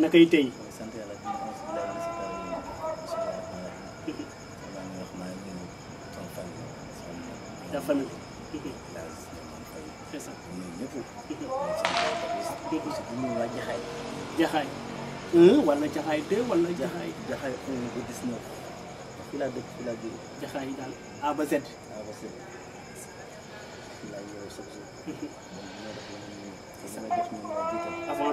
nakay tey la famille c'est ça mhm. jaxaay jaxaay un wala jaxaay deux wala jaxaay jaxaay un ba dix-neuf fi laa dëkk fi laa jaxaay daal A ba Z A ba Z mhm. avant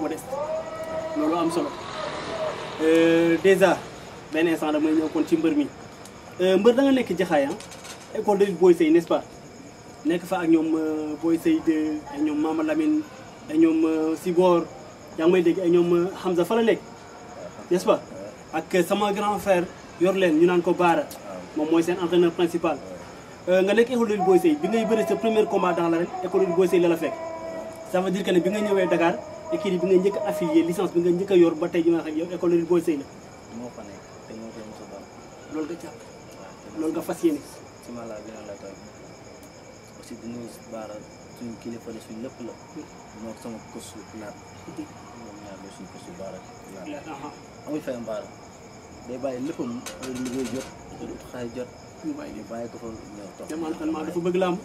modeste loolu am solo euh, déjà benn instant damay ñëw kon ci mbër mi euh, mbër da nga nekk jaxaay ah. école de lutte Boy Seye n'est-ce pas nekk fa ak ñoom euh, Boy Seye 2 ay ñoom Mama Lamine ay ñoom Sibor yaa ngi may dégg ay ñoom Hamza fa la nekk n'est-ce pas ak sama grand frère yor leen ñu naan ko Baara moom mooy seen entraîneur principal nga nekk école de lutte Boy bi ngay bëri sa premier combat dans l'arène école de lutte Boy la la fekk ça veut dire ne bi nga ñëwee Dakar écurie bi nga njëkk a affilié licence bi nga njëkk a yor ba tey ji ma wax yow école Boy moo fa nekk te moo koy mos a doon. loolu nga jàpp loolu nga fas ma la gën a di nuyu baara suñu la suñu lépp la. Hmm. moo sama kosu naat. Hmm. moom ñaar la hmm. ko fa ñëw toog. te man dafa bëgg làmb.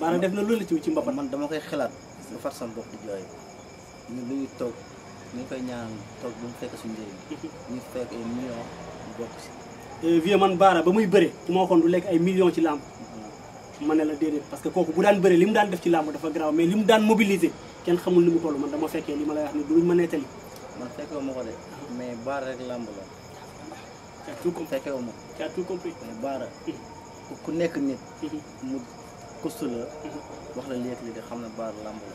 baara def na loolu ci ci man dama koy xalaat. lu far sama bopp di ñu luy toog ñu koy ñaan toog bu mu fekk suñu njëriñ ñu fekk ay millions bokk si eh, vieux man Baara ba muy bëre ci ma waxoon du lekk ay million ci làmb mm-hmm. ma ne la déedéet parce que kooku bu daan bëre li mu daan def ci làmb dafa garaaw mais li mu daan mobiliser kenn xamul ni mu toll man dama fekkee li ma lay wax ni duñ ma nettali man fekkee ma ko de mais Baara rek làmb la tu as tout compris fekkee ma tu as tout compris mais Baara mm-hmm. ku nekk nit mm-hmm. mu kustu la wax la léegi-léegi xam na Baara làmb la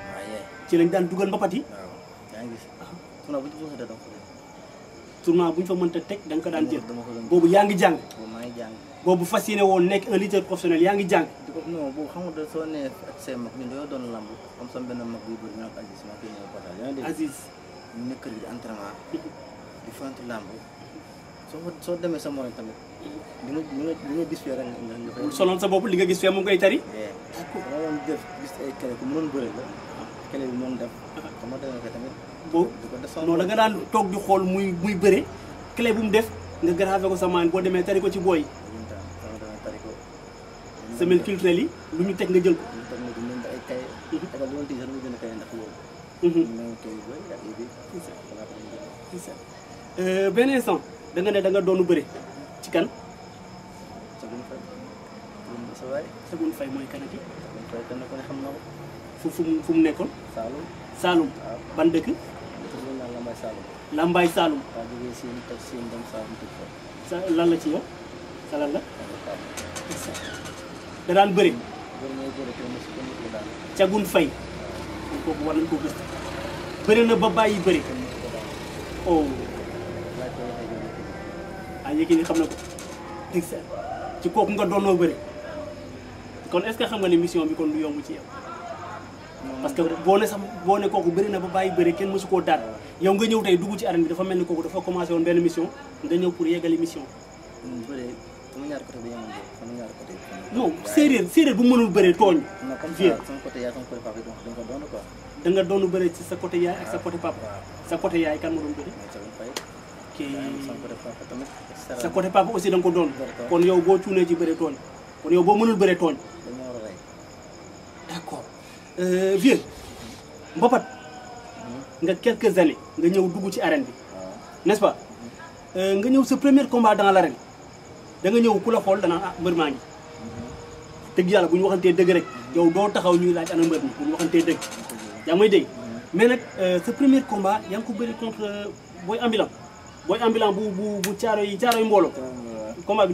ci lañ daan dugal mbapat yi yaa ngi fa mënta teg da ko daan jël boobu yaa ngi jàng boobu fas yéene un leader professionnel yaa ngi non boobu xam nga soo nee ak lamb Aziz maa koy ñëw Aziz nek nekk entraînement di fant lamb soo soo demee sa morom tamit di nga di nga di nga gis fee rek nga fay sonal sa bopp li nga gis fee mu ngay tari def gis ay la kële bi moom def. xam nga tamit. boobu non da nga daan toog di xool muy muy bëre kële bu mu def nga gravé ko sa maan boo demee tari ko ci booy. semelle culturelle yi lu ñu teg nga jël ko. Mhm. Mhm. Euh, beneen instant da nga ne da nga doonu bëri ci kan. Sagoune Faye. Sagoune Faye mooy kan ak xam na fum fu fu mu nekkoon. Saalum Saalum. ban dëkk. Lambaay Saalum. Lambaay Saalum. waaw jógee siin toj siin dem sa lan la ci yow sa lan la. da cagun fay. kooku war nañ ko na ba oh. ah Yékini xam na ko. dégg sa ci nga kon est-ce que xam nga ne mission bi kon yomb ci yow. parce que boo ne sax boo ne kooku bëri na ba bàyyi bëri kenn mësu koo daan yow nga ñëw tey dugg ci arène bi dafa mel ni kooku dafa commencé woon benn mission nga ñëw pour yeggali mission. Hmm, sama ñaari côté bi sama ñaari côté bi. séeréer bu mënul bëri tooñ. vieux sama côté yaay sama côté papa yi da nga doon quoi. da nga doon bëree ci sa côté yaay ak sa ah, côté papa. sa côté yaay kan ma doon bëri. kii sa côté papa aussi da nga ko doon. kon yow boo cuunee ci bëree tooñ kon yow boo mënul bëri tooñ Euh, vieux y a quelques années nga ñëw dugg ci ah. n'est-ce pas a eu ce premier combat dans l'arène da nga à la dans danaan ah, mm-hmm. mm-hmm. mm-hmm. mais ce euh, premier combat yaa contre un euh, ambulant Un ambulant bu bu bu yi yi ah, combat bi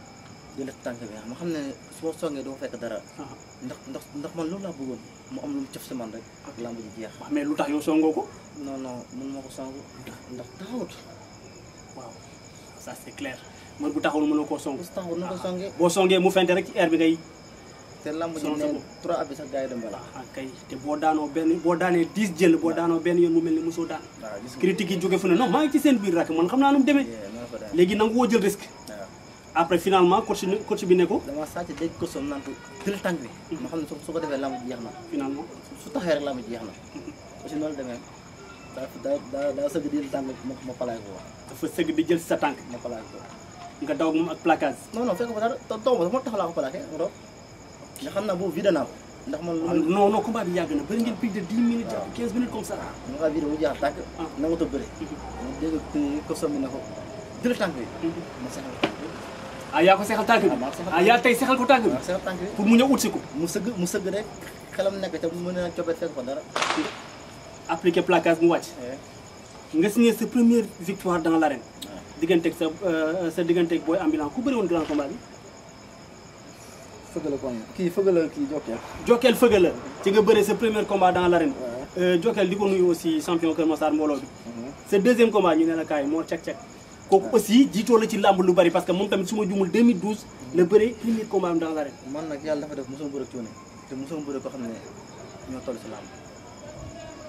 di la tànk bi ma xam ne su ma songee dara. Ah. ndax ndax ndax man loolu laa bëggoon mu am lu mu cëf si man rek. ak lamb ji jeex. Ah, lu tax yow songoo ko. non non mën ma ko song ndax ndax taxawut. waaw ça c'est clair man bu taxawul mënoo koo song. Ah, songee. boo songee mu fente rek ci air bi ngay. te lamb ji nee trois abis sax gars yi dem bala. ah te boo daanoo benn boo daanee dix jël boo daanoo benn yoon mu mel ni mosoo daan. waaw gis nga critique yi jóge fu ne non maa ngi ci seen biir rakk man xam naa nu mu demee. léegi nangu woo jël risque. après finalement coach coach bi ne ko. dama sàcc dégg ko soom naan ko jël tànk bi. Hmm. ma xam ne su ko defee lamb ji jeex na. finalement su taxee rek lamb ji jeex na. Hmm. jël ma palaay ko dafa sëgg di jël sa tànk. ma palaay ko nga daw moom ak placage. non fekk ko dara taw ma tax laa ko palaake ma doon nga xam naa boobu vidé naa ko. ndax man lu ah, non non combat bi yàgg na bëri ngeen plus de 10 minutes. waaw ah. 15 minutes nga vidé mu jeex ah. hmm. ne ko jël ah yaa ko seexal tànk bi ah, ah yaa tey seexal ko tànk bi pour mu ñëw ut si ko mu sëgg mu sëgg rek xelam nekk te mën na cobet fekk ko mu wàcc eh. nga signé sa première victoire dans l'arène ah. digganteeg sa euh, sa digganteeg booy ambulant ku bëri woon grand combat bi fëgal kii fëgal kii Jokal. Jokal la ci nga bëree sa premier combat dans l'arène. Euh, Jokal di ko nuyu aussi champion Kër Massar mbooloo bi. Mm-hmm. sa deuxième combat ñu ne la kaay moo cek cek. kooku aussi jiitoo la ci làmb lu bari parce que moom tamit su ma jumul 2012 la bëree premier combat am dans l'arène. man nag yàlla dafa def mosoo bëre coono te mosoo bëre koo xam ne ñoo toll si làmb.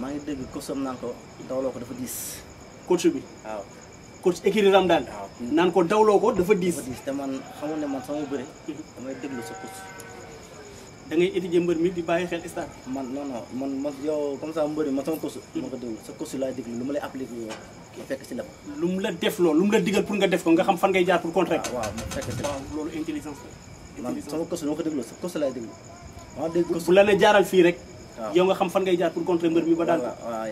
maa ngi dégg coach am naan ko dawloo ko dafa diis. coach bi waaw. coach écurie Ramdan. waaw naan ko dawloo ko dafa diis. dafa diis te man xamul ne man sama bëre. Mhm. damay déglu sa coach. da ngay étudier mbër mi di bàyyi xel star man non non man man yow comme ça mbër mi man sama coach. ma mhm. ko déglu sa coach laay déglu lu ma lay appliqué yow. lu mu la def loolu lu mu la digal pour nga def nga xam fan ngay jaar pour ah, loolu intelligence la. intelligence man sama coach ko déglu sa coach la ne jaaral fii rek. yow nga xam fan ngay jaar pour contrer mbër mi ba daan ko. waaw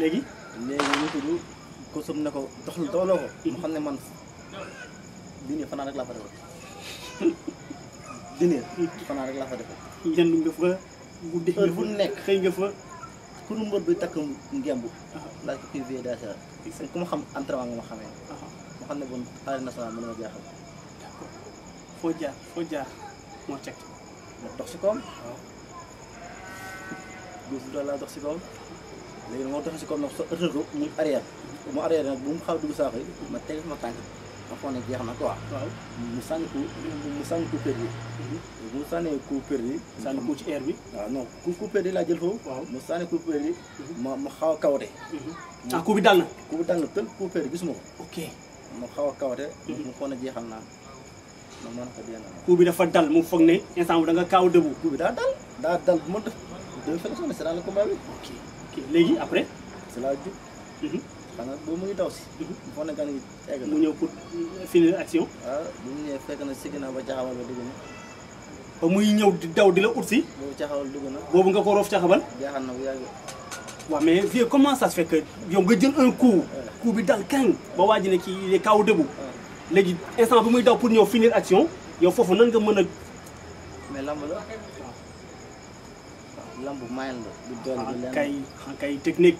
léegi. léegi ñu tudd ko sum ne ko dox doxaloo ko. Hmm. mu xam ne man dini fanaan rek laa fa defal. dini fanaan rek laa fa defal. yenn nekk xëy nga fa. ku nu mbër bi takk ngemb. laaj ko ma xam entraînement nga ma xamee. ma xam ne bon arène nationale mën na ma jaaxal. foo jaar foo jaar moo dox si koom. waaw laa dox si léegi nag moo dox si koom nag soo ëttal ko muy arrière mu arrière nag bu mu xaw a dugg saako yi ma teg ma tànk ma foog ne jeex na quoi. waaw mu sànni ko mu sànni mhm. sànnee coup perdu. sànni ci air bi. waaw non coup coup perdu laa jël foofu. waaw mu mhm. ma ma xaw a kawate. Mhm. ah coup bi dal na. coup bi dal na tël coup perdu gisuma ko. ok ma xaw a kawate. mu foog ne jeexal naa. coup bi dafa dal mu foog ne instant bi da nga kaaw debout. coup bi daa dal daa dal bu ma def deux léegi après. c'est la mhm. mu daw si. Mhm. foo mu ñëw pour finir action. waaw ah, bu ñu ñëwee fekk si ginnaaw ba caxawal ba dugg muy ñëw di daw di la ut si. boobu caxawal dugg nga ko roof caxabal. jaaxal na bu mais vieux comment ça se yow nga jël un coup. coup bi dal kañ. ba waaj ne kii il légui instant bi muy daw pour ñeu finir action yow fofu nan nga mëna mais lamb la ah, lamb mayal la du doon du len kay kay technique.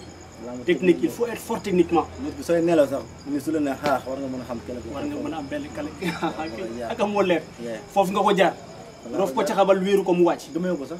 technique il faut être fort techniquement. nit bi soy nelaw sax ni su la ne xaar war nga mëna xam kala war nga mëna am bel kala ak am wóor fofu nga ko jaar. rof ko caxabal wiru ko mu wacc dama yobu sax.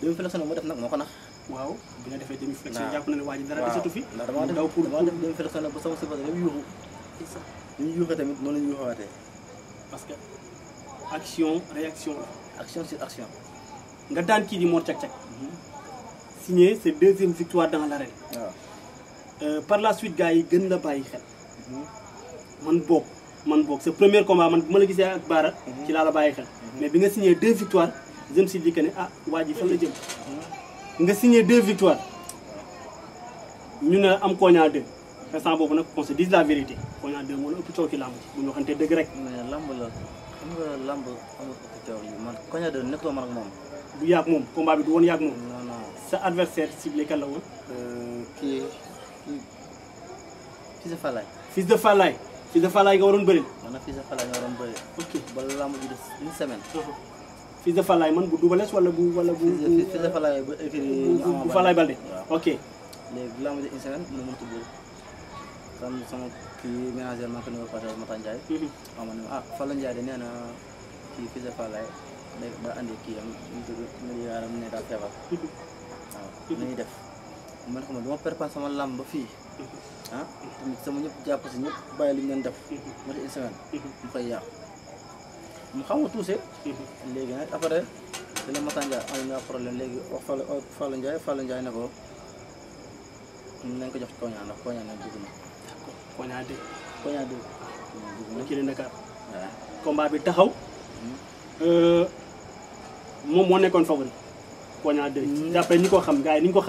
demi flexion nag mu def nag moo ko nax waaw bi nga defee demi flexion japp na ne waa ji dara desatu fi ndax dama def dama def demi flexion nag ba sama sifas yëpp yuuxu ñu yuuxee tamit noonu la ñu yuuxawaatee parce que action réaction action sur action nga daan kii di Mor Cak Cak signé sa deuxième victoire dans l'arène euh par la suite gars yi gën la bàyyi xel mhm. man bok man bok c'est premier combat man bu la gisé ak Baara mhm. ci laa la bàyyi xel mhm. mais bi nga signé deux victoires jëm si dikk ne ah waa ji fan la jëm nga signé deux victoires ñu ne am Kogna 2 instant boobu nag on se dise la vérité Kogna 2 moo la ëpp coow ci làmb bu ñu waxante dëgg rek. mais làmb la xam nga làmb amul ëpp coow yi man Kogna 2 nekkul man ak moom. du yàgg moom combat bi du woon yàgg moom. non non sa adversaire ciblé kan la woon. kii euh, de Falaye. Fils de Falaye Fils de Falaye nga waroon bëri. man nag Fils de Falaye nga waroon bëri. ok ba làmb ji des une semaine. Uh-huh. fils de Falaye man bu wala bu wala bu. fils de Falaye bu écrit. bu Balde ok. di insaan mu mën tudd kan sama kii ménagère ma ko nuyu Fatou Mata mhm. ah Fallou Ndiaye de na kii fils de Falaye day daa andi kii am mu tudd mu yaaram ne daa feebar. Mhm. waaw mhm. def man sama ah sama ñëpp jàpp si ñëpp bàyyi li def. ma insan mu xam nga tuuse mhm. léegi nag après dina Massa Ndiaye am na problème léegi o Fallou Fallou Ndiaye Fallou Ndiaye ne ko nañ ko jox Koña ndax Koña nag dugg na. Koña dégg. Koña dégg. dugg na kii la Dakar. bi taxaw. Mhm. Euh, moom moo nekkoon favori. Koña dégg. Mhm. d'après ñi ko xam gars ni ko xam.